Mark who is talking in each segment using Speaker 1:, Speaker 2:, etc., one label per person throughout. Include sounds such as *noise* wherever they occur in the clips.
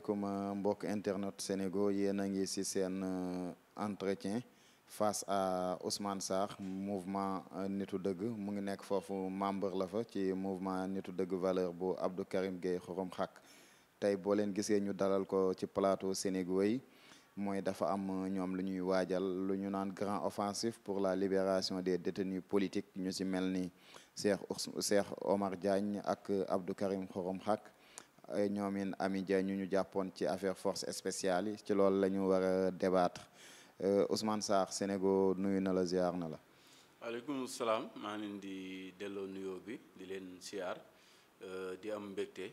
Speaker 1: asalaamaaleykum euh, mbokk internet Sénégal yéen a ngi ci seen euh, entretien face à Ousmane Sarr mouvement euh, nitu dëgg mu ngi nekk foofu membre la fa ci mouvement nitu dëgg valeur bu Abdou Karim Gueye xorom xàq tey boo leen gisee ñu dalal ko ci plateau Sénégal yi mooy dafa am ñoom lu ñuy waajal lu ñu naan grand offensive pour la libération des détenus politique ñu ci mel ni Cheikh Cheikh Omar Diagne ak Abdou Karim xorom xàq Euh, ñoomin Ami Dia ñu ñu jàppoon ci affaire force spéciale yi ci loolu la ñu war a débattre euh, Ousmane Sarr Sénégal nuyu na la ziar na la.
Speaker 2: waaleykum salaam maa ngi di delloo nuyo bi di leen ziar euh, di am mbégte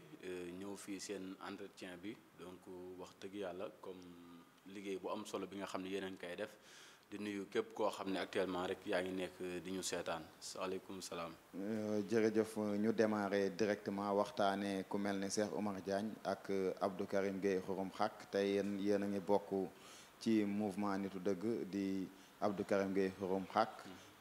Speaker 2: ñëw fii seen entretien bi donc wax dëgg yàlla comme liggéey bu am solo bi nga xam ne yeneen kay def. di nuyu képp koo xam ne actuellement rek yaa ngi nekk di ñu seetaan waaleykum salaam.
Speaker 1: Euh, jërëjëf ñu démarrer directement waxtaanee ku mel ne Cheikh Oumar Diagne ak Abdou Karim Gueye xurum xaq tey yéen yéen a ngi bokk ci mouvement nitu dëgg di Abdou Karim Gueye xurum xaq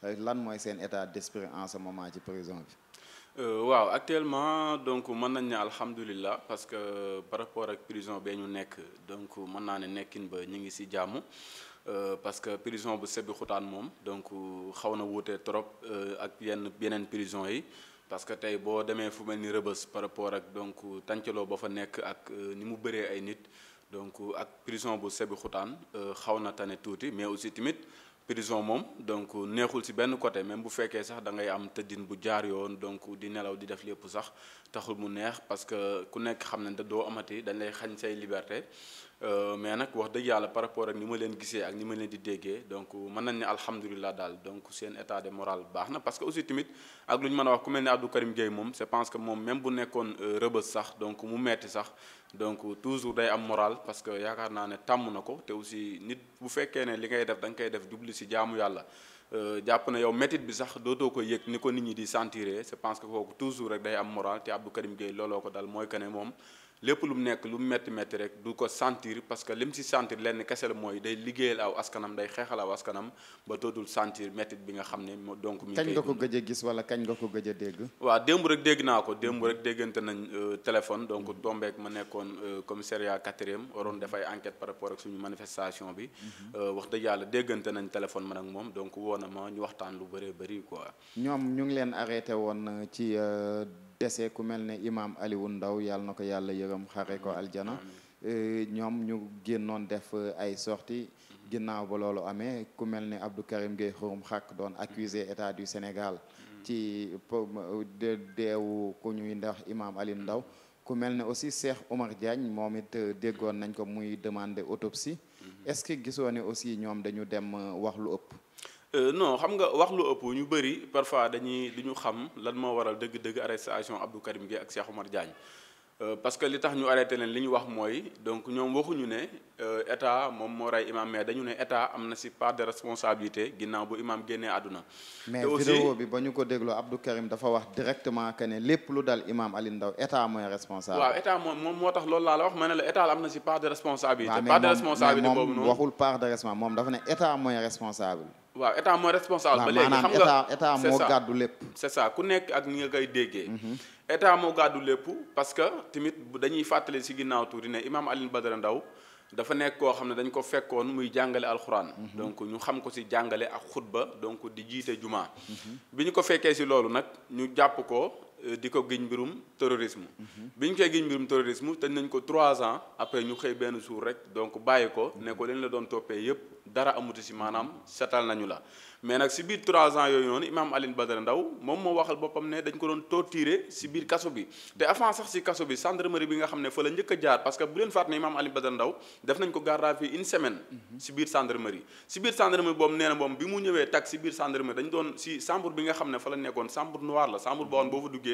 Speaker 1: euh, lan mooy seen état d'esprit en ce moment ci prison bi.
Speaker 2: Euh, waaw actuellement donc mën nañ ne alhamdulilah parce que par rapport ak prison bee ñu nekk donc mën naa ne nekkin ba ñu ngi si jàmm. Euh, parce que prison bu sebbi xutaan moom donc xaw na wuute trop euh, ak yenn yeneen prison yi parce que tey boo demee fu mel ni rëbës par rapport ak donc tàncaloo ba fa nekk ak euh, ni mu bëree ay nit donc ak prison bu sebbi xutaan xaw na tane tuuti mais aussi tamit prison moom donc neexul si benn côté même bu fekkee sax da ngay am tëddin bu jaar yoon donc di nelaw di def lépp sax taxul mu neex parce que ku nekk xam ne da doo amati dañ lay xañ say liberté Euh, mais nag wax dëgg yàlla par rapport ak ni ma leen gisee ak ni ma leen di déggee donc mën nañ ne alhamdulilah daal donc seen état de moral baax na parce que aussi tamit ak lu ñu mën a wax ku mel ne Abdou Karim Gueye moom je pense que moom même bu nekkoon euh, rëbës sax donc mu metti sax donc toujours day am moral parce que yaakaar naa ne tàmm na ko te aussi nit bu fekkee ne li ngay def da nga koy def jubli si jaamu yàlla euh, jàpp na yow métit bi sax dootoo ko yëg ni ko nit di sentiré je pense que kooku toujours rek day am moral te Abdou looloo ko dal mooy que moom lépp lu mu nekk lu mu métti métti rek du ko sentir parce que lim si sentir lenn kese la mooy day liggéeyal aw askanam day xeexal aw askanam ba dootul sentir métti bi nga xam ne donc. mi kañ nga
Speaker 1: ko gëj a gis wala kañ nga ko gëj a dégg.
Speaker 2: waa démb rek dégg naa ko démb mm-hmm. rek déggante nañ euh, téléphone donc mm-hmm. tombeek ma nekkoon euh, commissariat quatrième waroon dafay enquête par rapport ak suñu manifestation bi. Mm-hmm. Euh, wax dëgg yàlla déggante nañ téléphone man ak moom donc woo na ma ñu waxtaan lu bëree bëri quoi.
Speaker 1: ñoom ñu ngi leen arrêté woon ci. dese ku mel ne imaam Aliou Ndaw yàlla na ko yàlla yërëm xare ko aljana eh, ñoom ñu génnoon def eh, ay sorties ginnaaw ba loolu amee ku mel ne Abdou Karim Gueye xurum xàq doon accuser état du Sénégal ci deewu ku ñuy ndax imam ali Ndaw ku mel ne aussi Cheikh Omar Diagne moom it eh, déggoon nañ ko muy demander autopsie mm-hmm. est-ce que gisoo ne aussi ñoom dañu dem wax lu ëpp
Speaker 2: Euh, non xam nga wax lu ëpp ñu bëri parfois dañuy li ñu xam lan moo waral dëgg-dëgg arrestation Abdou Karim Gueye ak Cheikh Omar Diagne euh, parce que li tax ñu arrêté leen li ñu wax mooy donc ñoom waxuñu ne Euh, état moom moo rey imam mais dañu ne état am na si part de responsabilité ginnaaw bu imam génnee àdduna.
Speaker 1: mais vidéo bi ba ñu ko dégloo Abdou Karim dafa wax directement que ne lépp lu dal imam Alioune Ndao état mooy responsable. waaw état
Speaker 2: moom moom moo tax loolu laa wax ma ne la état am na si part de responsabilité. part de responsabilité boobu noonu waxul
Speaker 1: part moom dafa ne état mooy responsable.
Speaker 2: waaw état mooy responsable. ba léegi xam nga état moo gàddu lépp. c'est ça ku nekk ak ni nga koy déggee. Mhm. état moo gàddu lépp parce que tamit dañuy fàttali si ginnaaw tuuti ne imam Alioune Badara Ndao dafa nekk koo xam ne dañu ko fekkoon muy jàngale alxuraan. Mhm. donc ñu xam ko si jàngale ak xutba donc di jiite jumaa mhm. bi ñu ko fekkee si loolu nag ñu jàpp ko Euh, di ko giñ mbirum terrorisme mhm. bi ñu koy giñ mbirum terrorisme tëj nañ ko trois ans après ñu xëy benn suur rek donc bàyyi ko ne ko la doon toppee yépp dara amutu si maanaam setal nañu la mais nag si biir trois ans yooyu noonu imaam Alioune Badara Ndao moom moo waxal boppam ne dañ ko doon torturer si biir kaso bi te avant sax si kaso bi gendarmerie bi nga xam ne fa la njëkk a jaar parce que bu leen fàtte ne imaam Alioune Badara Ndao def nañ ko garde une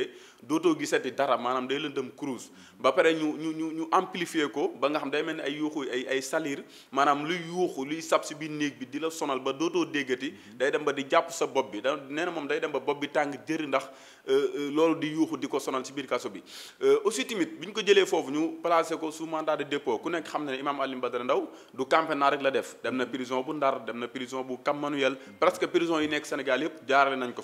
Speaker 2: liggéeyee dootoo gisati dara maanaam day lëndëm cruise ba pare ñu ñu ñu ñu amplifier ko ba nga xam day mel ni ay yuuxu ay ay salir maanaam luy yuuxu luy sab si biir néeg bi di la sonal ba dootoo déggati day dem ba di jàpp sa bopp bi da nee na moom day dem ba bopp bi tàng jëri ndax euh, euh, loolu di yuuxu di ko sonal si biir kaso bi euh, aussi tamit bi ñu ko jëlee foofu ñu placé ko sous mandat de dépôt ku nekk xam ne Imam Alioune Badara Ndao du campagne rek la def dem na prison bu Ndar dem na prison bu Cap Manuel presque prison yi nekk Sénégal yëpp jaarale nañ ko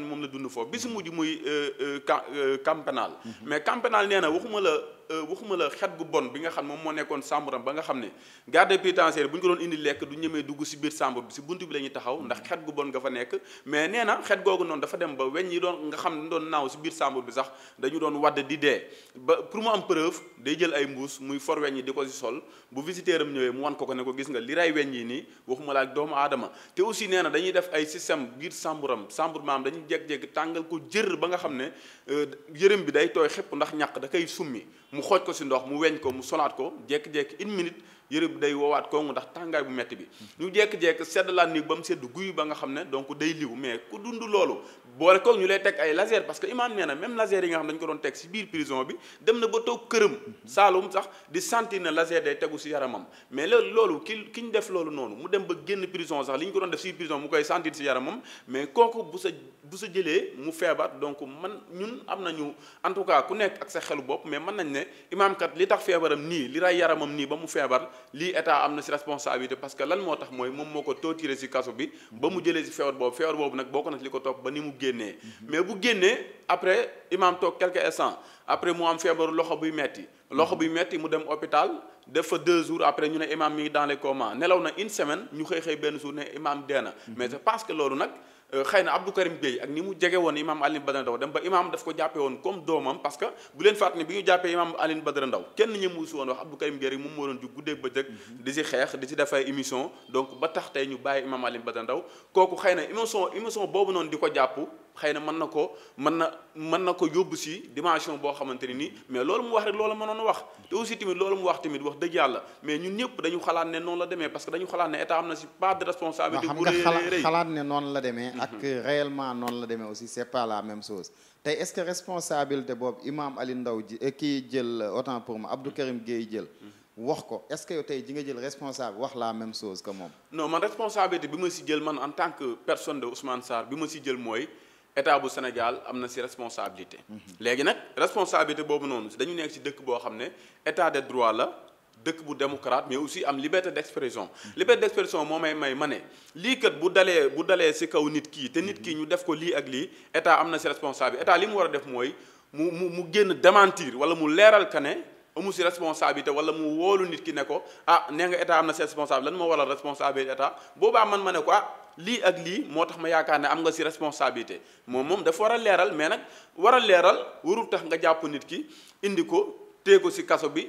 Speaker 2: xam moom la dund foofu bi si mujj muy euh, euh, euh, camp pénal mm-hmm. mais camp nee na waxuma la Euh, waxuma la xet gu bon bi nga xam moom moo nekkoon chambre ba nga xam ne garde pénitentiaire bu ñu ko doon indi lekk du ñemee dugg si biir chambre bi si bunt bi la taxaw ndax xet gu bon nga fa nekk mais nee na xet googu noonu dafa dem ba weñ yi doon nga xam ne doon naaw si biir chambre bi sax dañu doon wadd di dee ba pour mu am preuve day jël ay mbuus muy for weñ yi di sol bu visiteur am ñëwee mu wan ko ko ko gis nga li ray weñ yi nii waxuma doomu aadama te nee na dañuy def ay système biir chambre am maam dañuy jekk-jekk tàngal ko jër ba nga xam ne euh, yërëm bi day tooy xëpp ndax ñàq da koy summi mu xooj ko si ndox mu weñ ko mu solaat ko jékki-jékki une minute yëre bi day woowaat koogu ndax tàngaay bu metti bi ñu jekk-jekk sedd laa néeg ba mu sedd guy ba nga xam ne donc day liw mais ku dund loolu boole koog ñu lay teg ay laser parce que imaam nee na même laser yi nga xam dañu ko doon teg si biir prison bi dem na ba toog këram saalum sax di sentir ne laser day tegu si yaramam mais loolu loolu ki ki ñu def loolu noonu mu dem ba génn prison sax li ñu ko doon def si prison mu koy sentir si yaramam mais kooku bu sa bu sa jëlee mu feebar donc man ñun am nañu en tout cas ku nekk ak sa xelu mais mën nañ ne imaam li tax feebaram nii li ray yaramam nii ba mu feebar lii état am na si responsabilité parce que lan moo tax mooy moom moo ko tóotiree si kaso bi ba mu jëlee si feewar boobu feewar boobu nag bokk ko si li ko topp ba ni mu génnee mais bu génnee après imaam toog quelques instants après mu am feebaru loxo buy metti loxo buy metti mu dem hôpital def fa deux jours après ñu ne imaam mi ngi dans les comas nelaw na une semaine ñu xëy xëy benn jour ne imaam dee na mais c'est parce que loolu nag Euh, xëy na Abdou Karim Gueye ak ni mu jege woon imam Alioune Badara Ndao dem ba imam daf ko jàppe woon comme doomam parce que bu leen fàttali ne bi ñu jàppee imam Alioune Badara Ndao kenn ñëmu si woon wax Abdou Karim rek moom moo doon jug guddeeg bëccëg mhm. di si xeex di si def émission donc ba tax tey ñu bàyyi imam Alioune Badara Ndao kooku xëy na émission émission boobu noonu di ko jàpp xëy na mën na ko mën na mën na ko yóbbu si dimension boo xamante ni nii mais loolu mu wax rek loolu mënoon wax te aussi la demee parce que dañu xalaat ne état am na si
Speaker 1: noonu la demee ak réellement noonu la demee aussi c'est pas la même sos tey est-ce que responsabilité boobu imam Ali Ndaw ji eh, kii jël autant pour moi Abdou Karim Gueye jël wax ko est-ce que tey ji nga jël responsable wax la même chose que moom
Speaker 2: non man responsabilité bi ma si jël man en tant que personne de Ousmane Sarr bi ma si jël mooy état bu Sénégal am na si responsabilité mhm. léegi nag responsabilité boobu noonu si dañu nekk si dëkk boo xam ne état de droit la dëkk bu démocrate mais aussi am liberté d'expression liberté d'expression moo may may ma ne lii kat bu dalee bu dalee ci kaw nit kii te nit kii ñu def ko lii ak lii état am na ci état li mu war a def mooy mu mu mu génn démentir wala mu leeral ka ne amu ci responsabilité wala mu woolu nit ki ne ko ah nee nga état am na ci responsable lan moo waral responsabilité état boobaa man ma ne ko ah lii ak lii moo tax ma yaakaar ne am nga ci responsabilité moom moom dafa war a leeral mais nag war a leeral warul tax nga jàpp nit ki indi ko tée ko ci bi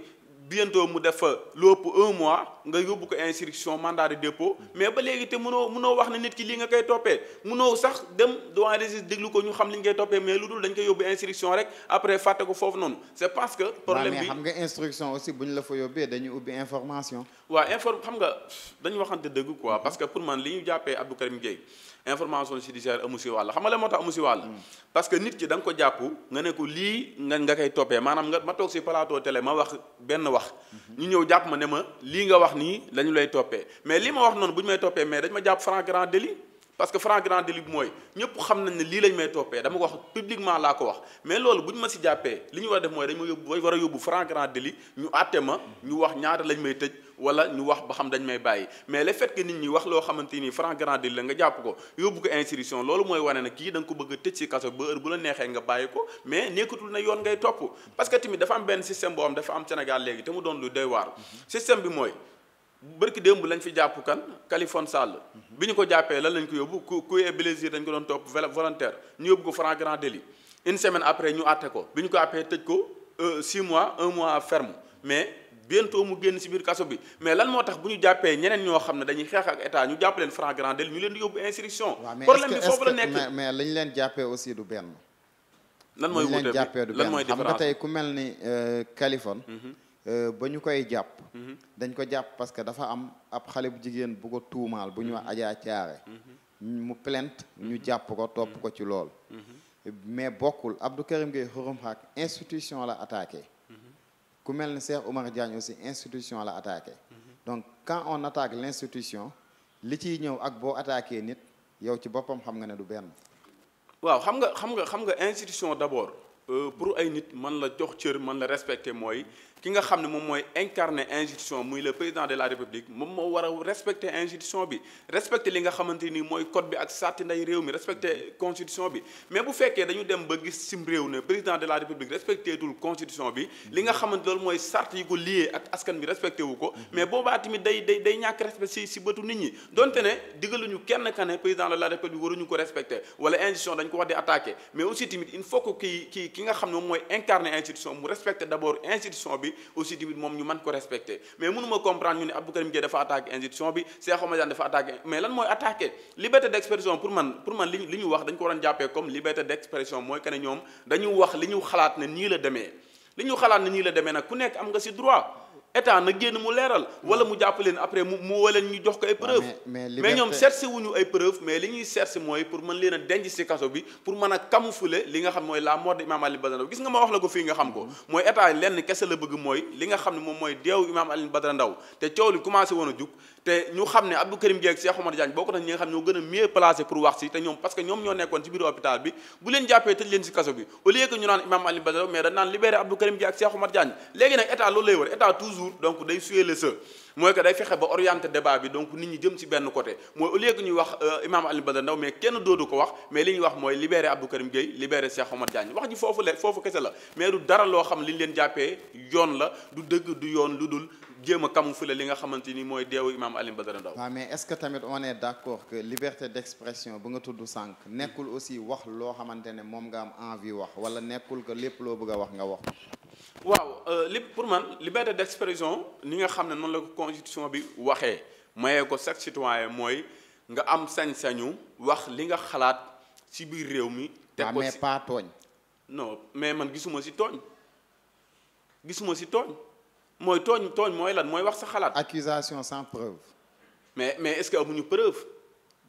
Speaker 2: bientôt mu def lu ëpp un mois nga yóbbu ko instruction mandat de dépôt mais ba léegi te mënoo mënoo wax ne nit ki lii nga koy toppee mënoo sax dem doyen registre déglu ko ñu xam li ñu koy toppee mais lu dul dañ koy yóbbu instruction rek après fàtte ko foofu noonu c' parce que problème bi xam
Speaker 1: nga instruction aussi bu ñu la fa yóbbee dañuy ubbi information
Speaker 2: waaw infor xam nga dañu waxante dëgg quoi parce que pour man li ñu jàppee Abdou Karim Gueye information judiciaire amu si wàll xam nga la moo tax amu si wàll hmm. parce que nit ki danga ko jàpp nga ne ko lii nga nga koy toppee maanaam nga ma toog si plateau télé ma wax benn wax hmm. ñu ñëw jàpp ma ne ma lii nga wax nii lañu lay toppee mais lii ma wax noonu bu ñu may toppee mais dañ ma jàpp flagrant délit parce que franc grand délit bi mooy ñëpp xam nañ ne lii lañ may toppee dama ko wax publiquement laa ko wax mais loolu bu ñu ma si jàppee li ñu war a def mooy dañ ma yóbbu war a yóbbu franc grand délit ñu àtte ma ñu wax ñaata lañ may tëj wala ñu wax ba xam dañ may bàyyi mais le fait nit ñi wax loo xamante ni franc grand délit la nga jàpp ko yóbbu ko institution loolu mooy wane ne kii danga ko bëgg a tëj si kaso ba heure bu la neexee nga bàyyi ko mais nekkatul na yoon ngay topp parce que tamit dafa am benn système boo xam am Sénégal léegi doon lu doy waar mhm. bi mooy bërki démb lañ fi jàpp kan Kalifone Sall bi ñu ko jàppee lan lañ ko yóbbu ku ku et blessure dañ ko doon topp volontaire ñu yóbbu ko flagrant délit une semaine après ñu àtte ko bi ñu ko àppee tëj ko 6 euh, mois 1 mois ferme mais bientôt mu génn ci biir kaso bi mais lan moo tax bu ñu jàppee ñeneen ñoo xam ne xeex état ñu jàpp leen flagrant délit ñu leen di yóbbu la nekk
Speaker 1: leen jàppee aussi du benn lan mooy wuute lan mooy différence xam nga tey ku mel ni euh, Kalifone mhm. Euh, ba ñu koy jàpp. Mhm. dañ ko jàpp parce que dafa am ab xale bu jigéen bu ko tuumaal bu ñu wax mhm. ajaa caare. Mhm. mu plainte ñu jàpp ko topp ko ci lool. mais bokkul Abdou Karim Gueye Xurum Xaq institution la attaqué. ku mel ni Cheikh Oumar Diagne aussi institution la attaqué. donc quand on attaque l' li ciy ñëw ak boo attaqué nit yow ci boppam xam nga ne du
Speaker 2: benn. waaw xam nga xam nga xam nga institution d' abord euh, pour ay nit man la jox cër man la respecté mooy. ki nga xam ne moom mooy incarner injonction muy le président de la république moom moo war a respecter li nga xamante ni mooy code ak sàrti nday réew mi respecter constitution bi mais bu fekkee dañu dem ba gis sim réew ne président de la république respecté tul bi li nga xamante loolu mooy sàrt yi ko lié ak ko mais boobaa tamit day day day ñàkk respect si si bëtu nit ñi donte ne digaluñu kenn ka ne président de la république waruñu ko respecté wala injonction moom mooy incarner institution mu respecter d'abord institution bi bi aussi tamit moom ñu mën ko respecté mais mënuma comprendre ñu ne Abdou Karim Gueye dafa attaqué institution bi Cheikh Oumar dafa attaqué mais lan mooy attaqué liberté d'expression pour man pour man li li ñu wax dañ ko waroon jàppee comme liberté d'expression mooy que ñoom dañu wax li ñu xalaat ne nii la demee li ñu xalaat ne nii la demee nag ku nekk am nga ci droit état na génn mu leeral wala mu jàpp leen après mu woo leen ñu jox ko ay preuve mais ñoom cherché wuñu ay preuve mais li ñuy cherché mooy pour mën leen a denc ci kaso bi pour mën a camoufler li nga xam mooy la mort de Imam Alioune gis nga ma wax la ko fii nga xam ko mm-hmm. mooy état lenn kese la bëgg mooy li nga xam ne moom mooy deew Imam Alioune Badara Ndao te coow li commencé woon a jug te ñu xam ne Abdou Karim Gueye ak Cheikh Omar Diagne bokk nañ ñi nga xam ñoo gën a mieux placé pour wax si te ñoom parce que ñoom ñoo nekkoon ci biir hôpital bi bu leen jàppee tëj leen si kaso bi au lieu ñu naan Imam Ali Badara mais dañ naan libéré Abdou Karim Gueye ak Cheikh Omar Diagne léegi bi si benn côté mooy au lieu que wax euh, Ali Badara Ndaw kenn doodu ko wax mais li ñuy wax mooy libéré Abdou Karim Gueye libéré Cheikh ji foofu le foofu kese la mais du dara loo xam li ñu leen jàppee yoon la du dëgg du yoon lu dul jéem a camoufler li nga xamante ni mooy deewu imaam Alioune Badara Ndao
Speaker 1: mais est-ce que tamit on est d'accord que liberté d'expression bu nga tudd sànq nekkul aussi wax loo xamante ne moom nga am envie wax wala nekkul que lépp loo bëgg a wax nga wax
Speaker 2: waaw euh, li pour man liberté d'expression ni nga xam ne noonu la ko constitution bi waxee mayee ko chaque citoyen mooy nga am sañ-sañu wax li nga xalaat ci biir réew mi te ko mais pas tooñ non mais man gisuma ci tooñ gisuma ci mooy tooñ tooñ mooy lan mooy wax sa xalaat. accusation sans preuve. mais mais est-ce que amuñu preuve.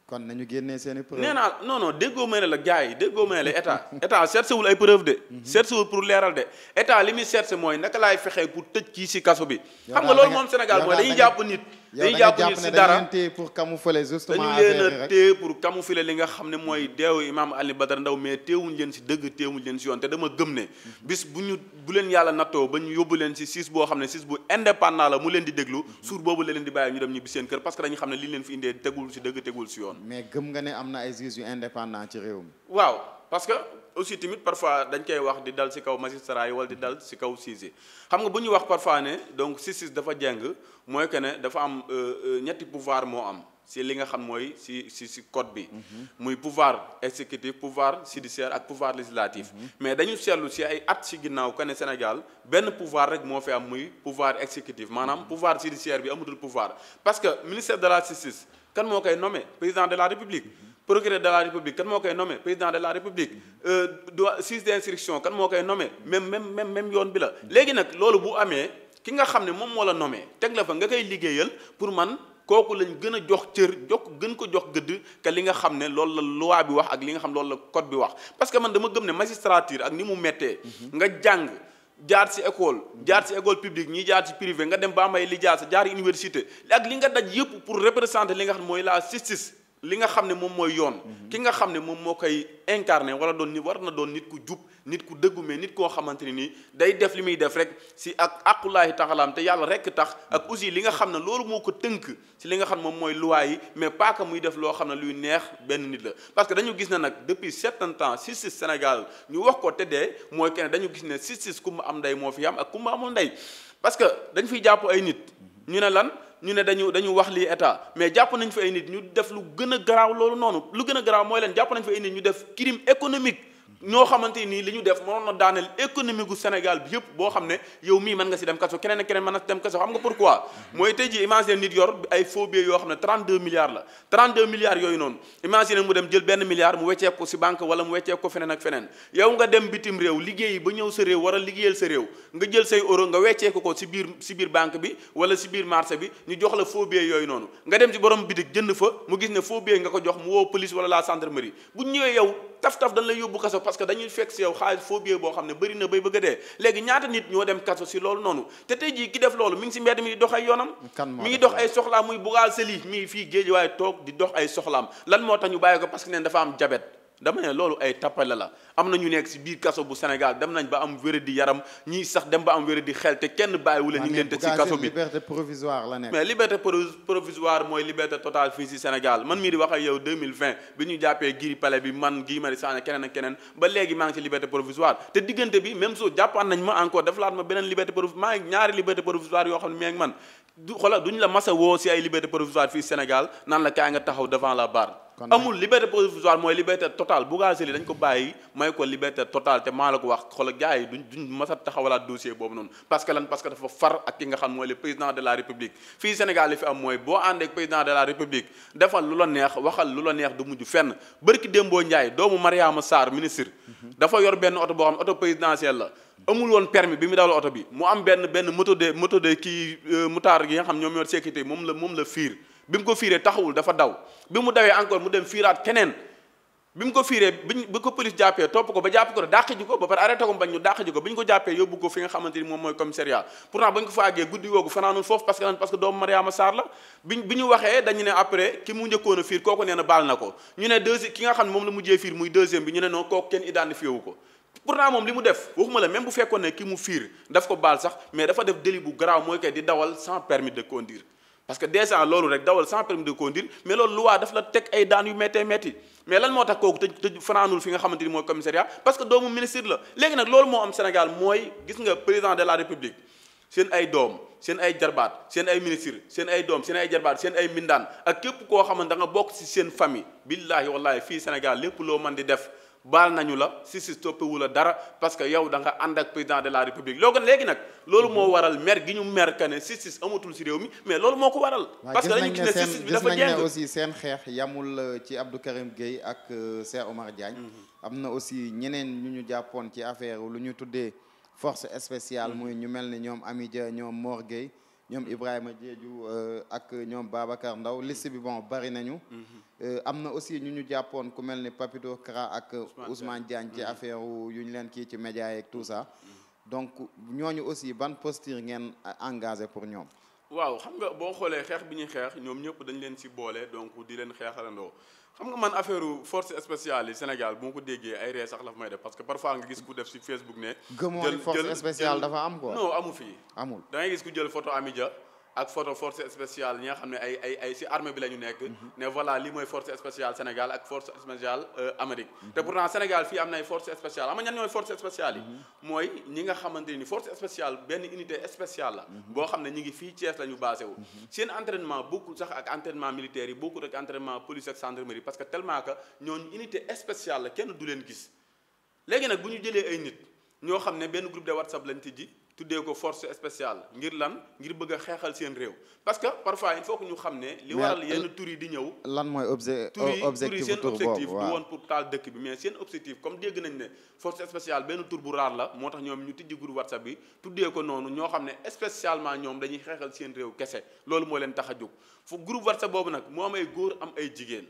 Speaker 1: kon nañu génnee seen i preuve. nee
Speaker 2: naa non non déggoo ma ne la gars yi déggoo ma ne la *laughs* état état seetsewul ay preuve de. Mhm. seetsewul pour leeral de état li muy mooy naka laay fexe pour tëj kii si kaso bi. xam nga loolu moom Sénégal mooy dañuy jàpp nit. day jàppuñu si dara dañu
Speaker 1: téye pour camoufler dañu leen
Speaker 2: a pour camoufler li nga xam ne mooy deew imaam Ali Badara Ndaw mais téewuñ leen si dëgg téewuñ leen si yoon te dama gëm ne bis bu ñu bu leen yàlla nattoo ba ñu yóbbu leen si siis boo xam ne siis bu indépendant la mu leen di déglu suur boobu la leen di bàyyi ñu dem ñibbi seen kër parce que dañu xam ne li leen fi indee tegul si dëgg tegul si yoon mais gëm nga ne am na ay juges yu indépendant ci réew mi waaw parce que aussi tamit parfois dañ koy wax di dal ci kaw magistrat yi di dal ci kaw siis yi xam nga bu ñuy wax parfois ne donc siis siis dafa jeng mooy que ne dafa am euh, euh, ñetti pouvoir moo am ci li nga xam mooy ci ci ci code bi. Mhm. muy pouvoir exécutif pouvoir judiciaire ak pouvoir législatif. Mhm. mais dañu seetlu ci ay at ci ginnaaw que ne Sénégal benn pouvoir rek moo fi am muy pouvoir exécutif maanaam mhm. pouvoir judiciaire bi amatul pouvoir parce que ministère de la justice kan moo koy nommé président de la république. procureur de la république kan moo koy nommé président de la république euh, doyen juge d'instruction kan moo koy nommé même même même même yoon bi la. léegi nag loolu bu amee ki nga xam ne moom moo la nome teg la fa nga koy liggéeyal pour man kooku lañ gën a jox cër jox gën ko jox gëdd que li nga xam ne loolu la loi bi wax ak li nga xam loolu la code bi wax. parce que man dama gëm ne magistrature ak ni mu méttee. Mhm. nga jàng. jaar ci école jaar ci école publique ñi jaar ci privé dem ba may li jaar sa jaar nga daj yëpp pour représenter li nga xam mooy la justice li nga xam ne moom mooy yoon ki nga xam ne moom moo koy incarné wala doon ni war na doon nit ku jub nit ku dëggu nit koo xamante ne nii day def li muy def rek si ak aqulaahi taxalaam te yàlla rek tax ak aussi li nga xam ne loolu moo ko tënk si li nga xam ne moom mooy luwaa yi mais paaka muy def loo xam ne luy neex benn nit la parce que dañu gis ne nag depuis certain temps justice Sénégal ñu wax ko te dee mooy kenn dañu gis ne justice kumba am ndey moo fi am ak kumba amul ndey parce que dañ fiy jàpp ay nit ñu ne lan ñu ne dañu dañu wax lii état mais jàpp nañ fa ay ñu def lu gën a garaaw loolu noonu lu gën a garaaw mooy leen jàpp nañ fa indi ñu def crime économique ñoo xamante nii li ñu def mënoon na daaneel économie gu Sénégal bi yëpp boo xam ne yow mii mën nga si dem kaso keneen ak keneen mën na si dem kaso xam nga pourquoi mooy tey ji imagine nit yor ay faux yoo xam ne 32 milliards la 32 milliards yooyu noonu imagine mu dem jël benn milliard mu weccee ko si banque wala mu weccee ko feneen ak feneen yow nga dem bitim réew liggéeyi ba ñëw sa réew war a liggéeyal sa réew nga jël say ko ko si si biir banque bi wala si biir marché bi jox la faux yooyu noonu nga dem ci borom bitik jënd fa mu gis ne faux billet nga ko jox mu wala la gendarmerie bu ñëwee yow taf parce que dañuy fekk si yow xaalis phobie boo xam ne bëri na bay bëgg a dee léegi ñaata nit ñoo dem kaso si loolu noonu te tey jii ki def loolu mi ngi si mbedd mi di dox ay yoonam mi ngi dox ay soxlaam muy bugaal seli mi ngi fii géej waaye toog di dox ay soxlaam lan moo tax ñu bàyyi ko parce que neen dafa am jabet dama ne loolu ay tappale la am na ñu nekk si biir kaso bu Sénégal dem nañ ba am wéradi yaram ñii sax dem ba am wéradi xel te kenn bàyyiwule ñu ngi leen teg si kaso bi
Speaker 1: liberté provisoire la nekk mais
Speaker 2: liberté provisoire mooy liberté totale fii si Sénégal man mii di wax ak yow 2020 bi ñu jàppee giri palais bi man Guy Marius Sagna keneen a keneen ba léegi maa ngi si liberté provisoire te diggante bi même soo jàppaan nañ ma encore at ma beneen liberté provisoire maa ngi ñaari liberté provisoire yoo xam la masa woo si ay liberté provisoire fii Sénégal naan la kaay nga taxaw devant la barre amul liberté provisoire mooy liberté totale Bougazelli dañ ko bàyyi may ko liberté totale te maa la ko wax xool gars yi duñ duñ mës taxawalaat dossier boobu noonu parce que lan parce que dafa far ak ki nga xam mooy le président de la république fii Sénégal li fi am mooy boo àndee ak président de la république defal lu la neex waxal lu la neex du mujj fenn bërki Dembo Ndiaye doomu Mariama Sarr ministre dafa yor benn oto boo xam oto présidentielle la amul woon permis bi mu dawal oto bi mu am benn benn moto de moto de kii euh, mutaar yi nga xam ñoom yor sécurité moom la moom la fiir bi mu ko fiiree taxawul dafa daw bi mu dawee encore mu dem fiiraat keneen bi mu ko fiiree biñ bi ko police jàppee topp ko ba jàpp ko da dàq ji ko ba pare arrêté ko bañ ñu dàq ji ko bi ñu ko jàppee yóbbu ko fi nga xamante moom mooy commissariat pourtant ba ñu ko fa àggee guddi googu fanaanul foofu parce que lan parce que doomu Mariama Sarr la bi bi ñu waxee dañu ne après ki mu njëkkoon a fiir kooku nee na baal na ko ñu ne deuxi ki nga xam ne moom la mujjee fiir muy deuxième bi ñu ne non kooku kenn identifié wu ko dafa def délit bu garaaw mooy kay di dawal sans parce que déjà loolu rek dawal sans permis de conduire mais loolu loi daf la teg ay daan yu méttee métti mais lan moo tax kooku tëj tëj fanaanul fi nga xamante ni mooy commissariat parce que doomu ministre la léegi nag loolu moo am Sénégal mooy gis nga président de la république seen ay doom seen ay jarbaat seen ay ministre seen ay doom seen ay jarbaat seen ay mbindaan ak képp koo xamante da nga bokk ci seen famille billaahi wallaahi fii Sénégal lépp loo mën di def baal nañu la si si toppewu la dara parce que yow da nga ànd ak président de la république loo léegi nag loolu moo waral mer gi ñu mer que ne si si amatul si réew mi mais loolu moo ko waral parce que dañu gis ne si si bi dafa jeng aussi
Speaker 1: seen xeex yamul euh, ci Abdou Karim Gueye ak see euh, Omar Diagne mhm. am na aussi ñeneen lu ñu jàppoon ci affaire lu ñu tuddee force spéciale mhm. muy ñu mel ni ñoom Amidia ñoom Mor Gueye ñoom Ibrahima Diédiou euh, ak ñoom Babacar Ndaw liste bi bon bari nañu. Mhm. Euh, am na aussi ñu ñu jàppoon ku mel ni Papito Kara ak Ousmane Diagne ci mhm. affaire yu ñu leen kii ci média yeeg tout ça mhm. donc ñooñu aussi ban posture ngeen engagé pour ñoom.
Speaker 2: waaw xam nga boo xoolee xeex bi ñuy xeex ñoom ñëpp dañ leen si boole donc di leen xeexalandoo. xam nga man affaire force spéciale yi Sénégal bu ma ko déggee ay ree sax la fa may def parce que parfois nga gis ku def si Facebook ne. gëmoo force spéciale dafa am quoi non amu fi. amul da ngay gis ku jël photo Amidia. ak photo force spéciale ñi nga xam ne ay ay ay si armée bi la ñu nekk. Mhm. ne voilà lii mooy force spéciale Sénégal ak force spéciale euh, Amérique. Mhm. te pourtant Sénégal fii am na ay force spéciale am na ñan ñooy force spéciale yi. Mhm. mooy ñi nga xamante ni force spéciale benn unité spéciale la. boo xam ne ñu ngi fii Thiès la ñu basé wu. seen entraînement bokkul sax ak entraînement militaire yi bokkul ak entraînement police ak gendarmerie parce que tellement que ñooñu unité spéciale la kenn du leen gis. léegi nag bu ñu jëlee ay nit ñoo xam ne benn groupe de WhatsApp lañ tijji. tuddee ko force spéciale ngir lan ngir bëgg a xeexal seen réew parce que parfois il faut que ñu xam ne. li waral yenn euh, tur yi di ñëw. lan mooy obje objectif seen objectif du woon pour taal dëkk bi mais seen objectif comme dégg nañ ne force spéciale benn tur bu raar la moo tax ñoom ñu tijji groupe whatsapp bi tuddee ko noonu ñoo xam ne spécialement ñoom dañuy xeexal seen réew kese loolu moo leen tax a jóg fu group whatsapp boobu nag moo am ay góor am ay jigéen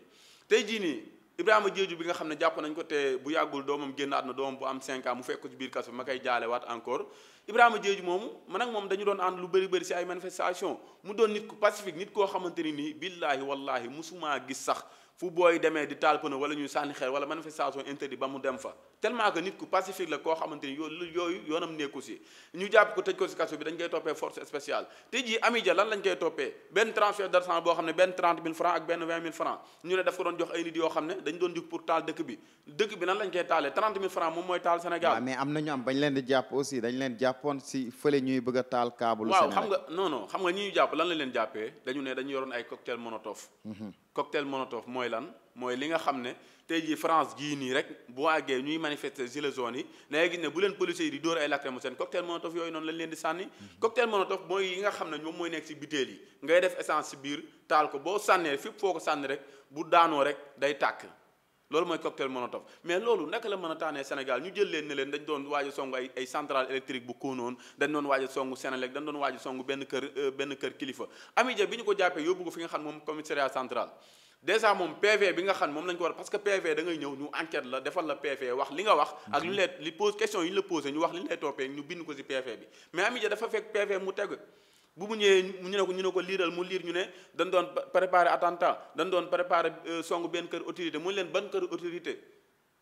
Speaker 2: Ibrahima Diédhiou bi nga xam ne jàpp nañ ko te bu yàggul doomam génnaat na doomam bu am 5 ans mu fekk ko ci biir kaso ma koy jaale waat encore Ibrahima Diédhiou moomu man ak moom dañu doon ànd lu bëri bëri si ay manifestation mu doon nit ku pacifique nit koo xamante ni nii billaahi wallaahi musumaa gis sax fu booy demee di taal pënë wala ñuy sànni xeer wala manifestation interdit ba mu dem fa tellement que nit ku pacifique la koo xamante yooyu yoonam nekku si ñu jàpp ko tëj ko si kaso bi dañ koy toppee force spéciale te jii Amidia lan lañ koy toppee benn transfert d'argent boo xam ne benn 30 000 francs ak benn 20 000 francs ñu ne daf ko doon jox ay nit yoo xam ne dañ doon jug pour taal dëkk bi dëkk bi nan lañ koy taalee 30 000 francs cocktail Molotov mooy lan mooy li nga xam ne tey jii France jii nii rek bu àggee ñuy manifester gilets jaunes yi da gis ne bu leen policiers yi di dóor ay lacrymogène cocktail Molotov yooyu noonu lañ leen di sànni. Hmm. cocktail Molotov mooy yi nga xam ne moom mooy nekk ci butéel yi ngay def essence ci biir taal ko boo sànnee fépp foo ko sànni rek bu daanoo rek day tàkk. loolu mooy cocktail Molotov mais loolu naka la mën a tax ne Sénégal ñu jël leen ne leen dañ doon waaj a song ay ay centrale électrique bu Koonoon dañ doon waaj a song dañ doon waaj a song benn kër euh, benn kër kilifa Amidia bi ñu ko jàppee yóbbu ko fi nga xam moom commissariat central dèjà moom PV bi nga xam moom lañ ko war parce que PV da ngay ñëw ñu enquête la defal la PV wax li nga wax ak li ñu lay li pose question yi ñu la posé ñu wax li ñu lay toppee ñu bind ko si PV bi mais dafa fekk PV mu teg bu mu ñëwee ñu ne ko ñu ne ko liiral mu liir ñu ne dañ doon préparer attentat dañ doon préparer euh, song benn kër autorité mu ne leen ban kër autorité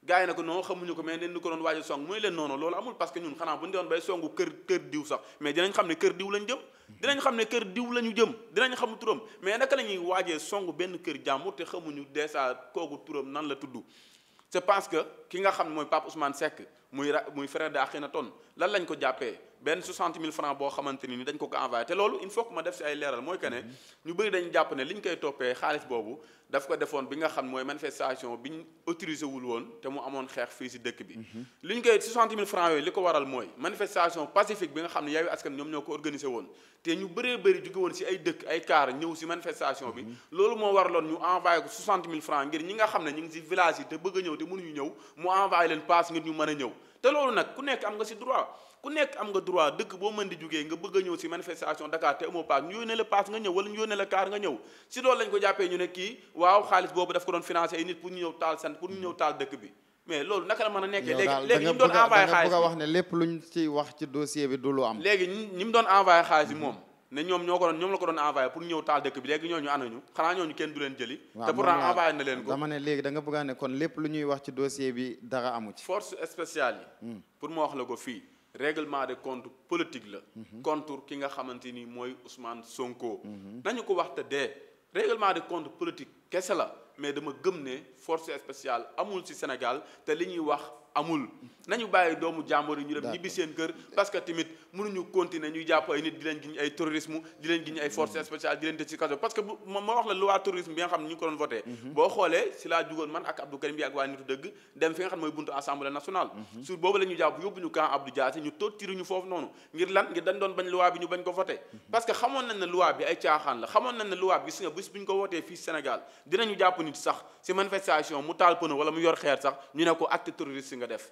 Speaker 2: gars yi ne ko non xamuñu ko mais dañ ko doon waaj a song mu leen non non loolu amul parce que ñun xanaa bu ñu doon bay songu kër diw sax mais dinañ xam ne kër diw lañ jëm dinañ xam ne kër diw lañu jëm dinañ xam turam mais naka la ñuy waajee song benn kër jàmbur te xamuñu dèjà kooku turam nan la tudd c'est parce que ki nga xam mooy Pape Ousmane Seck muy ra muy frère de Akhenaton lan lañ ko jàppee benn 60 000 francs boo xamante ni dañ ko ko envoyé te loolu il faut que ma def si ay leeral mooy que ne ñu bëri dañ jàpp ne li ñu koy toppee xaalis boobu daf ko defoon bi nga xam mooy manifestation bi ñu autorisé wul woon te mu amoon xeex fii si dëkk bi. li ñu koy 60 000 li ko waral mooy manifestation pacifique bi nga xam ne Yewwi Askan ñoom ñoo ko organisé woon te ñu bëree bëri jóge woon si ay dëkk ay kaar ñëw si manifestation bi. loolu moo war waraloon ñu envoyé ko 60 000 francs ngir ñi nga xam ne ñu ngi si village yi te bëgg a ñëw te mënuñu ñëw mu envoyé leen paas ngir ñu mën a ñëw te loolu nag ku nekk ku nekk am nga droit dëkk boo mën di jógee nga bëgg a ñëw si manifestation Dakar te amoo paas ñu yónnee la paas nga ñëw wala ñu yónnee la kaar nga ñëw si loolu lañ ko jàppee ñu ne kii waaw xaalis boobu daf ko doon financé ay nit pour ñu ñëw taal dëkk bi mais loolu naka la mën a nekkee léegi léegi ñi wax
Speaker 1: ne lépp luñ ci am
Speaker 2: léegi ñi mu doon envoyé xaalis moom ñoom ñoo ko doon ñoom la ko doon envoyé pour ñëw taal dëkk bi léegi ñooñu anañu xanaa ñooñu kenn du leen jëli te na leen
Speaker 1: ne léegi da nga a ne kon lépp lu ñuy wax ci dossier
Speaker 2: bi dara amu ci force spéciale yi hmm. pour moo wax la réglement de compte politique la. Mhm. contre ki nga xamante ni mooy Ousmane Sonko. Mhm. nañu ko wax te dee réglement de compte politique kese la mais dama gëm ne force spéciale amul ci Sénégal te li ñuy wax. amul nañu bàyyi doomu jàmbur yi ñu dem ñibbi seen kër parce que tamit mënuñu continuer ñuy jàpp ay nit di leen giñ ay terrorisme di leen giñ ay forces mm-hmm. spéciales di leen tëj ci bu ma wax la loi terrorisme bi nga xam ne ñu ko doon voté mm-hmm. boo xoolee si laa jugoon man ak Abdou Karim bi ak waa nitu dëgg dem fi nga xam mooy buntu assemblée nationale sur mm-hmm. boobu la jàpp yóbbu ñu camp Abdou Diassé ñu torture ñu foofu noonu ngir lan ngir dañ doon bañ loi nga def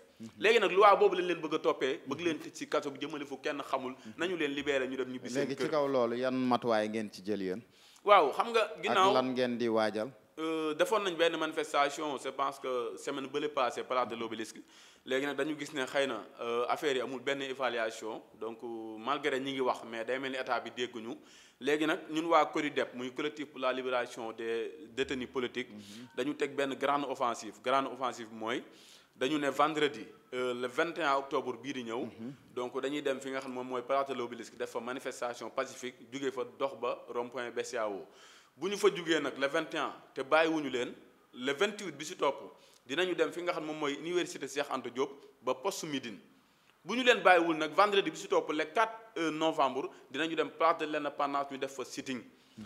Speaker 2: léegi nag waa boobu lañ leen bëgg a toppee bëgg leen tëj ci kaso bi jëmale fu kenn xamul nañu leen libéré ñu dem ñibbi seen kër
Speaker 1: léegi loolu yan matuwaay ngeen ci jël yoon
Speaker 2: waaw xam nga ginnaaw ak lan
Speaker 1: ngeen di waajal
Speaker 2: euh, defoon nañ benn manifestation je pense que semaine bële passé place de l'obélisque léegi nag dañu gis ne xëy na euh, affaire yi amul benn évaluation donc euh, malgré ñi ngi wax mais day mel ni état bi dégguñu léegi nag ñun waa COLIDEP muy collectif pour la libération des détenus politiques mhm. dañu teg benn grande offensive grande offensive mooy dañu ne vendredi euh, le 21 octobre bii di ñëw. Mhm. donc dañuy dem fi nga xam moom mooy place de l'Obélisque def fa manifestation pacifique jugee fa dox ba rond-point BCEAO bu ñu fa jugee nag le 21 te bàyyiwuñu leen le 28 bi si topp dinañu dem fi nga xam moom mooy université Cheikh Anta Diop ba poste Médine bu ñu leen bàyyiwul nag vendredi bi si topp le 4 euh, novembre dinañu dem place de l'Indépendance ñu def fa sitting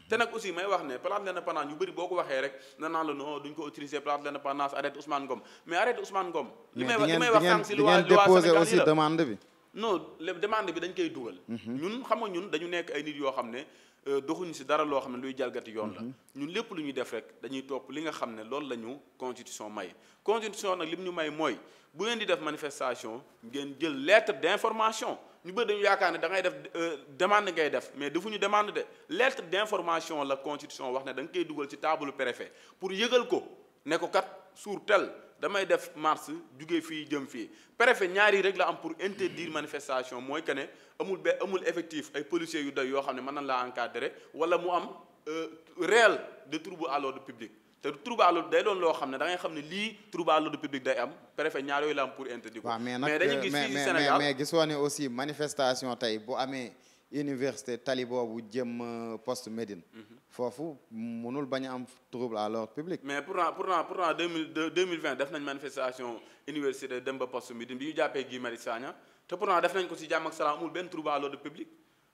Speaker 2: te nag aussi may wax ne place de l'indépendance ñu bëri boo ko waxee rek na naan la non duñ ko autoriser place de l'indépendance arrête Ousmane Ngom mais arrête Ousmane Ngom. li may wax li may wax sànq si loi loi Sénégal demande bi. non demande bi dañ koy dugal. Mhm. ñun xam nga ñun dañu nekk ay nit yoo xam ne. Euh, doxuñu si dara loo xam ne luy jalgati yoon la mm-hmm. ñun lépp lu ñuy def rek dañuy topp li nga xam ne loolu la ñu constitution may constitution nag lim ñu may mooy bu ngeen di def manifestation ngeen jël lettre d'information ñu bëri dañu yaakaar ne da ngay def euh, demande ngay def mais defuñu demande de lettre d'information la constitution wax ne da nga koy dugal ci taable préfet pour yëgal ko ne ko kat suur tel damay def mars jugee fii jëm fii préfet ñaari rek la am pour interdire manifestation mooy que ne amul be amul effectif ay policiers yu doy yoo xam ne mën na laa encadrer wala mu am euh, réel de trouble à l'ordre public te trouble à l'ordre day doon loo xam ne dangay xam ne lii trouble à l'ordre public day am préfet ñaar yooyu la am pour interdire. mais dañu gis euh, fii Sénégal mais mais mais
Speaker 1: gisoo ne aussi manifestation tey bu amee. université tali boobu jëm euh, poste Médine. Mhm. foofu mënul bañ a am trouble à l'ordre public.
Speaker 2: mais pourtant pourtant pourtant deux mille deux mille vingt def nañ manifestation université dem ba poste Médine bi ñu jàppee Guy Marius Sagna te pourtant def nañ ko si jàmm ak salaam amul benn trouble à l'ordre public.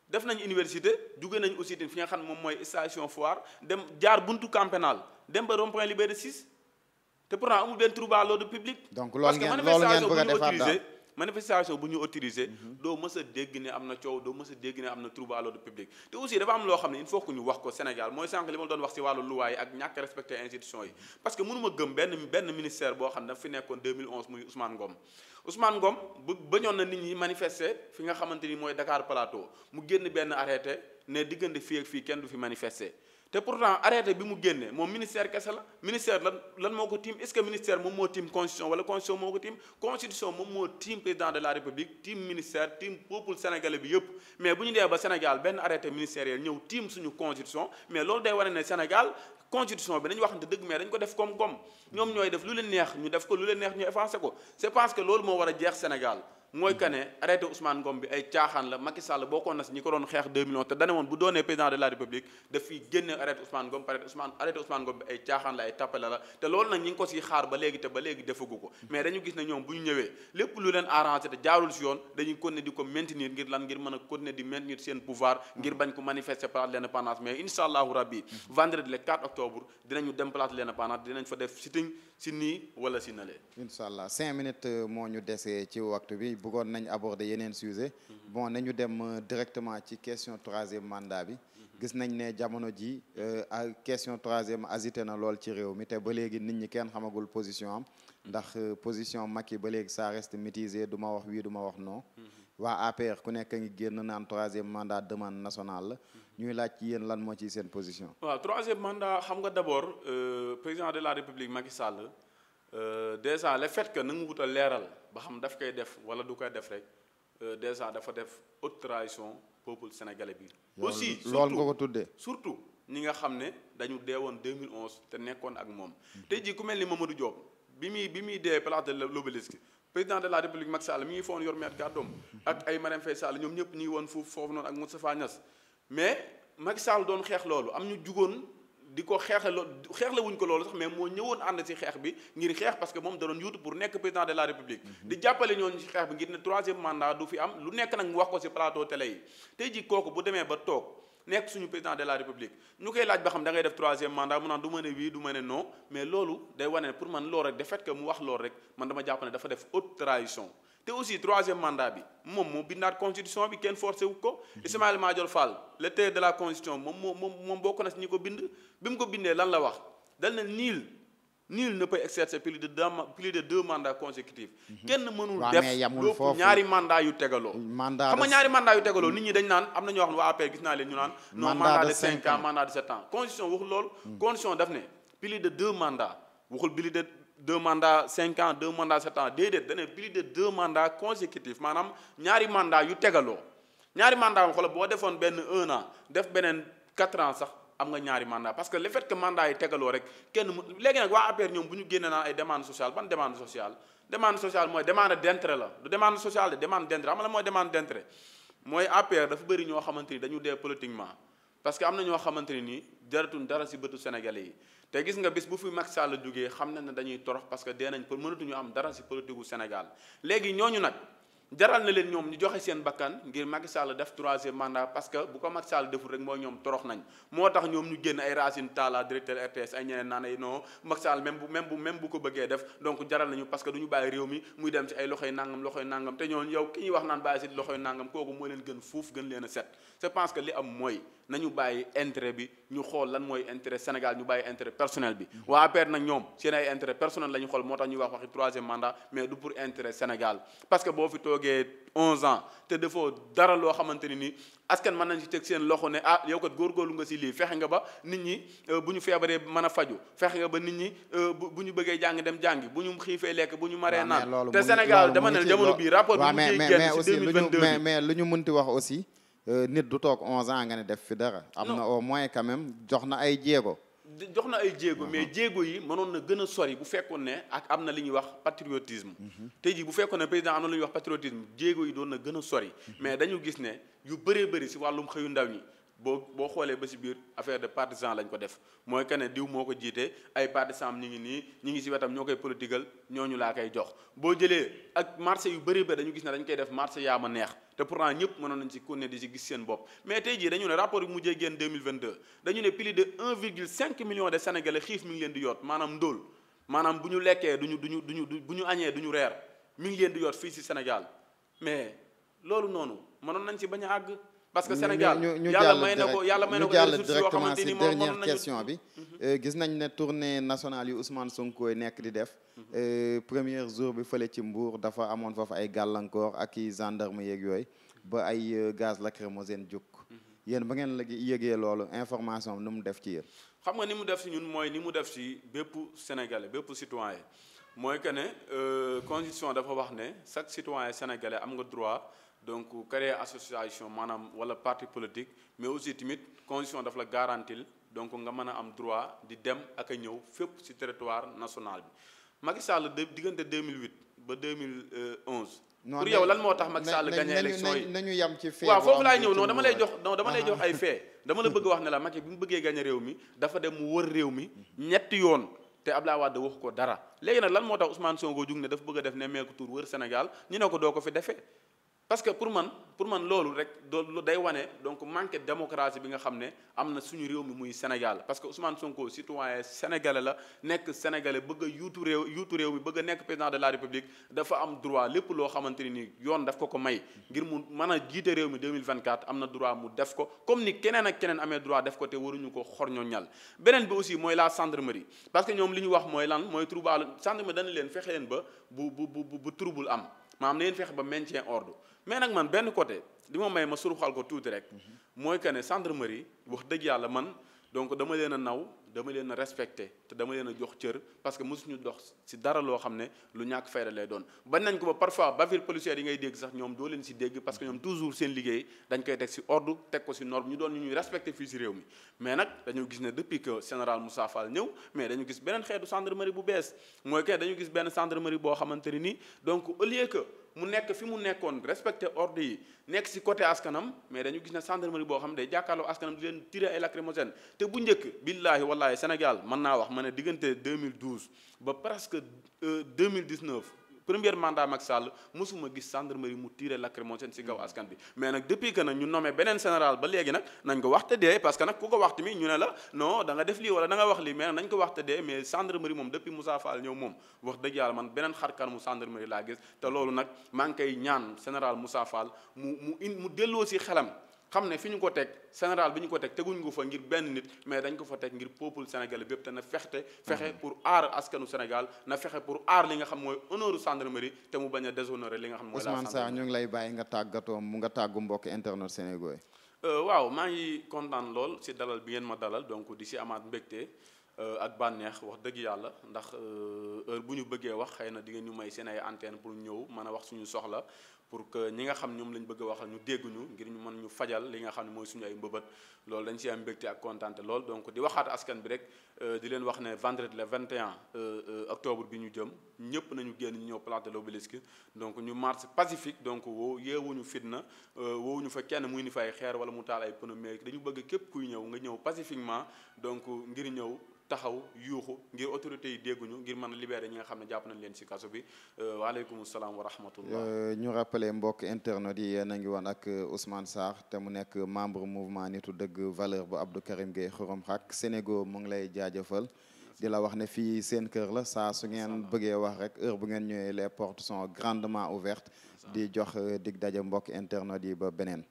Speaker 2: def nañ université jóge nañ aussi fi nga xam moom mooy station foire dem jaar buntu camp pénal dem ba Liberté 6 te pourtant amul benn trouble a defaat
Speaker 1: daal parce que manifestation bu ñu autorisé
Speaker 2: manifestation bu ñu autorisé mhm. doo mës a dégg ne am na coow doo mës a dégg ne am na trouble à l'ordre public te aussi dafa am loo xam ne il faut que ñu wax ko Sénégal mooy sànq li ma doon wax ci wàllu loi yi ak ñàkk respecté institution yi parce que mënuma gëm benn benn ministère boo xam ne fi nekkoon 2011 muy Ousmane Ngom Ousmane Ngom bu bañoon na nit ñi manifester fi nga xamante ni mooy Dakar Plateau mu génn benn arrêté ne diggante fii ak fii kenn du fi manifester te pourtant arrêté bi mu génne moom ministère kese la ministère lan lan moo ko tiim est-ce que ministère moom moo tiim constitution wala constitution moo ko tiim constitution moom moo tiim président de la république tiim ministère tiim peuple sénégalais bi yëpp mais bu ñu dee ba Sénégal benn arrêté ministériel ñëw tiim suñu constitution mais loolu day wane Sénégal constitution bi nañu waxante dëgg mais dañ ko def comme comme ñoom ñooy def lu leen ñu def ko lu leen neex ñu effacé ko c'est parce que loolu a jeex Sénégal mooy que ne arrêté Ousmane Ngom bi ay caaxaan la Macky Sall bokkoon na si ñi ko doon xeex 2 millions te dane woon bu doonee président de la république daf fiy génne arrêté Ousmane Ngom bi ay caaxaan la ay tappale la te loolu nag ñi ko siy xaar ba léegi te ba léegi defagu ko mais dañu gis ne ñoom bu ñu ñëwee lépp lu leen arrangé te jaarul si yoon dañuy continuer di ko maintenir ngir lan ngir mën a continuer di maintenir seen pouvoir ngir bañ ko manifester place de l'indépendance mais incha allahu rabbi de l'indépendance dinañ si nii wala si nalee. incha
Speaker 1: allah cinq minutes euh, moo ñu desee ci waxtu bi bëggoon nañ aborder yeneen sujet mhm. bon nañu dem euh, directement ci question troisième mandat bi. Mhm. gis nañ ne jamono ji euh, question troisième agité na lool ci réew mi te ba léegi nit ñi kenn xamagul position am. Mhm. ndax position Macky ba léegi ça reste mitigé du wax wii du ma wax no waa APR ku nekk ngi génn naan troisième mandat demande national la. ñuy laaj ci yéen lan moo ci seen position.
Speaker 2: waaw troisième mandat xam nga d' abord euh, président de la république Macky Sall euh, déjà le fait que nangu wut a leeral ba xam daf koy def wala du koy def rek euh, déjà dafa def haute trahison peuple sénégalais bi. aussi loolu nga ko tuddee surtout ñi nga xam ne dañu dee woon 2011 te nekkoon ak moom. tey jii ku mel ni Mamadou Diop bi muy bi muy dee place de l'Obélisque président de la république Macky Sall mi ngi fa woon yor maître kàddoom ak ay Marème Faye Sall ñoom ñëpp ñu woon foofu foofu noonu ak Moustapha Niass. mais Macky Sall doon xeex loolu am ñu jugoon di ko xeexaloo xeexle wuñ ko loolu sax mais moo ñëwoon ànd si xeex bi ngir xeex parce que moom da doon yuutu pour nekk président de la république. Mhm. di jàppale ñooñu ci xeex bi ngir ne troisième mandat du fi am lu nekk nag mu wax ko ci plateau télé yi tey ji kooku bu demee ba toog nekk suñu président de la république ñu koy laaj ba xam da ngay def troisième mandat mu naan du ma ne oui du ma ne non mais mu wax loolu rek man dama jàpp ne dafa def haute trahison. te aussi troisième mandat bi moom moo bindaat constitution bi kenn forcé wu ko mhm. Ismaïla Madior Fall le terre de la constitution moom moo moom moom bokk na si ñi ko bind bi mu ko bindee lan la wax dal na niil niil ne peut exercer plus de deux plus de deux mandats consécutifs mhm. kenn mënul def doo ñaari mandat yu tegaloo xam nga ñaari mandat yu tegaloo mm. nit ñi dañ naan am na ñoo xam ne waa APR gis naa leen ñu naan non mandat de cinq ans mandat de sept ans constitution waxul deux mandats cinq ans deux mandats sept ans déedéet de deux mandats consécutifs maanaam ñaari mandat yu tegaloo ñaari mandat am xoolal boo defoon benn un an def beneen quatre ans sax am nga ñaari mandat parce que le fait que mandat yi tegaloo rek kenn mu léegi nag waa APR ñoom bu ñu génne naan ay demande sociale ban demande sociale demande sociale mooy demande d'intérêt la du demande sociale de demande d'intérêt ama la mooy demande d'intérêt mooy APR dafa bëri ñoo xamante ni dañu dee politiquement parce que am na ñoo xamante ni nii jaratuñ dara si bëtu Sénégalais yi te gis nga bis bu fi mag Macky la jógee xam na ne dañuy torox parce que dee nañ pour mënatuñu am dara si politique gu Sénégal léegi ñooñu nag jaral na leen ñoom ñu joxe seen bakkan ngir mag Sall def troisième mandat parce que bu ko Macky Sall deful rek mooy ñoom torox nañ moo tax ñoom ñu génn ay Racine Talla directeur RTS ay ñeneen naan ay non Macky Sall même bu même bu même bu ko bëggee def donc jaral nañu parce que du ñu bàyyi réew mi muy dem ci ay loxoy nangam loxoy nangam te ñooñu yow ki wax naan bàyyi si loxoy nangam kooku moo leen gën fuuf gën leen a set je que li am mooy nañu bàyyi intérêt bi ñu xool lan mooy intérêt Sénégal ñu bàyyi intérêt personnel bi waa APR nag ñoom seen ay intérêt personnel la xool moo tax ñu wax waxi troisième mandat mais du pour intérêt Sénégal parce que boo fi toogee onze ans te defoo dara loo xamante ni nii askan mën nañ ci teg seen loxo ne ah yow kat góorgóorlu nga si lii fexe nga ba nit ñi euh, bu ñu feebaree mën a faju fexe nga ba nit ñi euh, bu ñu bëggee jàng dem jàngi bu ñu xiifee lekk bu ñu maree naan te Sénégal dama ne jamono bii rapport bi
Speaker 1: mënti wax aussi Euh, nit du toog 11 ans nga ne def fi dara. am na au moins quand même jox na ay jéego.
Speaker 2: jox na ay jéego mais uh-huh. jéego yi mënoon na gën a sori bu fekkoon ne ak am na li ñuy wax patriotisme. Uh-huh. tey jii bu fekkoon ne président am na lu ñuy wax patriotisme jéego yi doon na gën a sori. Uh-huh. mais dañu gis ne yu bëree bëri si wàllum xëyu ndaw ñi. boo boo xoolee ba si biir affaire de partisan lañ ko def mooy que ne diw moo ko jiite ay partisan ñu ngi nii ñu ngi si wetam ñoo koy politigal ñooñu laa koy jox. boo jëlee ak marché yu bëri ba dañu gis ne dañ koy def marché yaa ma neex te pourtant ñëpp mënoon nañ si ku ne di si gis seen bopp mais tey jii dañu ne rapport bi mujjee génn 2022 dañu ne plus de 1,5 million de sénégalais xiif mi ngi leen di yoot maanaam ndóol maanaam ñu lekkee duñu duñu bu ñu añee duñu reer mi ngi leen di yoot fii si Sénégal mais loolu noonu mënoon àgg. parce que Sénégal yàlla may na ko yàlla may na ko ressources yoo xamante ni moom directement ci dernière question
Speaker 1: bi. Euh, gis nañ ne tournée nationale yu Ousmane Sonko nekk di def. Mhm. Euh, premier jour bi fële ci mbuur dafa amoon foofu ay gàllankoor ak i gendarme yeeg yooyu ba ay euh, gaz lacrymogène jóg. Mhm. yéen ba ngeen la yëgee loolu information bi mu def ci yéen.
Speaker 2: xam nga ni mu def si ñun mooy ni mu def si bépp sénégalais bépp citoyen mooy que ne constitution dafa wax ne chaque citoyen sénégalais am nga droit. donc créer association maanaam wala parti politique mais aussi tamit condition daf la garantil donc nga mën a am droit di dem ak ñëw fépp ci territoire national bi Macky Sall de diggante 2008 ba 2011. non pour yow lan moo tax Macky Sall gagné élection yi nañu yam ci fee waaw foofu laay ñëw non dama lay jox non dama lay jox ay fee dama la bëgg wax ne la Macky bi mu bëggee gagné réew mi dafa dem mu wër réew mi ñetti yoon. te Abdoulaye Wade waxu ko dara léegi nag lan moo tax Ousmane Sonko jug ne dafa bëgg a def ne meeku wër Sénégal ñu ne ko doo ko fi defee parce que pour man pour man loolu rek doo day wane donc manque démocratie bi nga xam ne am na suñu réew mi muy Sénégal parce que Ousmane Sonko citoyen sénégalais la nekk sénégalais bëgg a yuutu réew yuutu réew mi bëgg a nekk président de la république dafa am droit lépp loo xamante ni yoon daf ko ko may ngir mu mën a jiite réew mi 2024 am na droit mu def ko comme ni keneen ak keneen amee droit def ko te waruñu ko xorñoo ñal beneen bi aussi mooy la gendarmerie parce que ñoom li ñu wax mooy lan mooy trouble gendarmerie dana leen fexe leen ba bu bu bu bu trouble am maanaam na leen ba maintien ordre mais nag man benn côté li ma may ma surxal ko tuuti rek mooy que ne gendarmerie wax dëgg yàlla man donc dama leen a naw dama leen a respecté te dama leen a jox cër parce que mosuñu dox si dara loo xam ne lu ñàkk fayda lay doon bañ nañ ko ba parfois bavure policière yi ngay dégg sax ñoom doo leen si dégg parce que ñoom toujours seen liggéey dañ koy teg si ordre teg ko si norme ñu doon ñu ñuy respecté fii si réew mi mais nag dañu gis ne depuis que général Moussa Fall ñëw mais dañu gis beneen xeetu gendarmerie bu bees mooy que dañu gis benn gendarmerie boo xamante ni donc au que mu nekk fi mu nekkoon respecté ordre yi nekk si côté askanam mais dañu gis ne gendarmerie boo xam ne day jàkkaarloo askanam di leen tiré ay lacrymogène te bu njëkk billaahi wallaahi Sénégal mën naa wax ma ne diggante 2012 ba presque 2019 euh, premier mandat Macky Sall mosuma gis gendarmerie mu tiré lacrymogène ci kaw mm-hmm. askan bi mais nag depuis que nag ñu nommé beneen général ba léegi nag nañ ko waxte dee parce nag ku ko wax tamit ñu ne la non da nga def lii wala da nga wax lii mais nañ ko waxte dee mais gendarmerie moom depuis Moussa ñëw moom wax dëgg man beneen xarkan mu gendarmerie laa gis te loolu nag maa koy ñaan général Moussa mu mu in mu delloo si xelam xam ne fi ñu ko teg général bi ñu ko teg teguñ ko fa ngir benn nit mais dañ ko fa teg ngir peuple sénégalais bépp te na fexte fexe mm-hmm. pour aar askanu Sénégal na fexe pour aar li nga xam mooy honneur gendarmerie te mu bañ a déshonorer li nga xam mooy la Ousmane Sarr
Speaker 1: ñu ngi lay bàyyi nga tàggatoo mu nga tàggu mbokk internet Sénégal
Speaker 2: euh, waaw maa ngi kontaan lool si dalal bi ngeen ma dalal donc di si amaat mbégte Euh, ak bànneex wax dëgg yàlla ndax euh, heure bu ñu bëggee wax xëy na di ngeen ñu may seen ay antenne pour ñëw mën a wax suñu soxla pour que ñi nga xam ñoom lañ bëgg a waxal ñu dégg ngir ñu mën ñu fajal li nga xam ne mooy suñu ay mbëbët loolu dañ ci am mbégte ak kontaante lool donc di waxaat askan bi rek euh, di leen wax ne vendredi le 21 octobre bi ñu jëm ñëpp nañu génn ñu ñëw place de donc ñu marche pacifique donc woo yeewuñu fitna woowuñu fa kenn muy ni fay xeer wala mu taal ay dañu bëgg képp kuy ñëw nga ñëw pacifiquement donc ngir ñëw taxaw yuuxu ngir autorité yi dégguñu ngir mën a libérer ñi nga xam ne jàpp nañ leen si kaso bi euh, waaleykum salaam wa rahmatullah
Speaker 1: euh, ñu rappelé mbokk internet yi yéen a ngi woon ak euh, Ousmane Sarr te mu nekk membre mouvement nitu dëgg valeur bu Abdou Karim Gueye xurum xak Sénégal mu ngi lay jaajëfal di la wax ne fii seen kër la saa su ngeen bëggee wax rek heure bu ngeen ñëwee les portes sont grandement ouvertes di jox dig daje mbokk internet yi ba beneen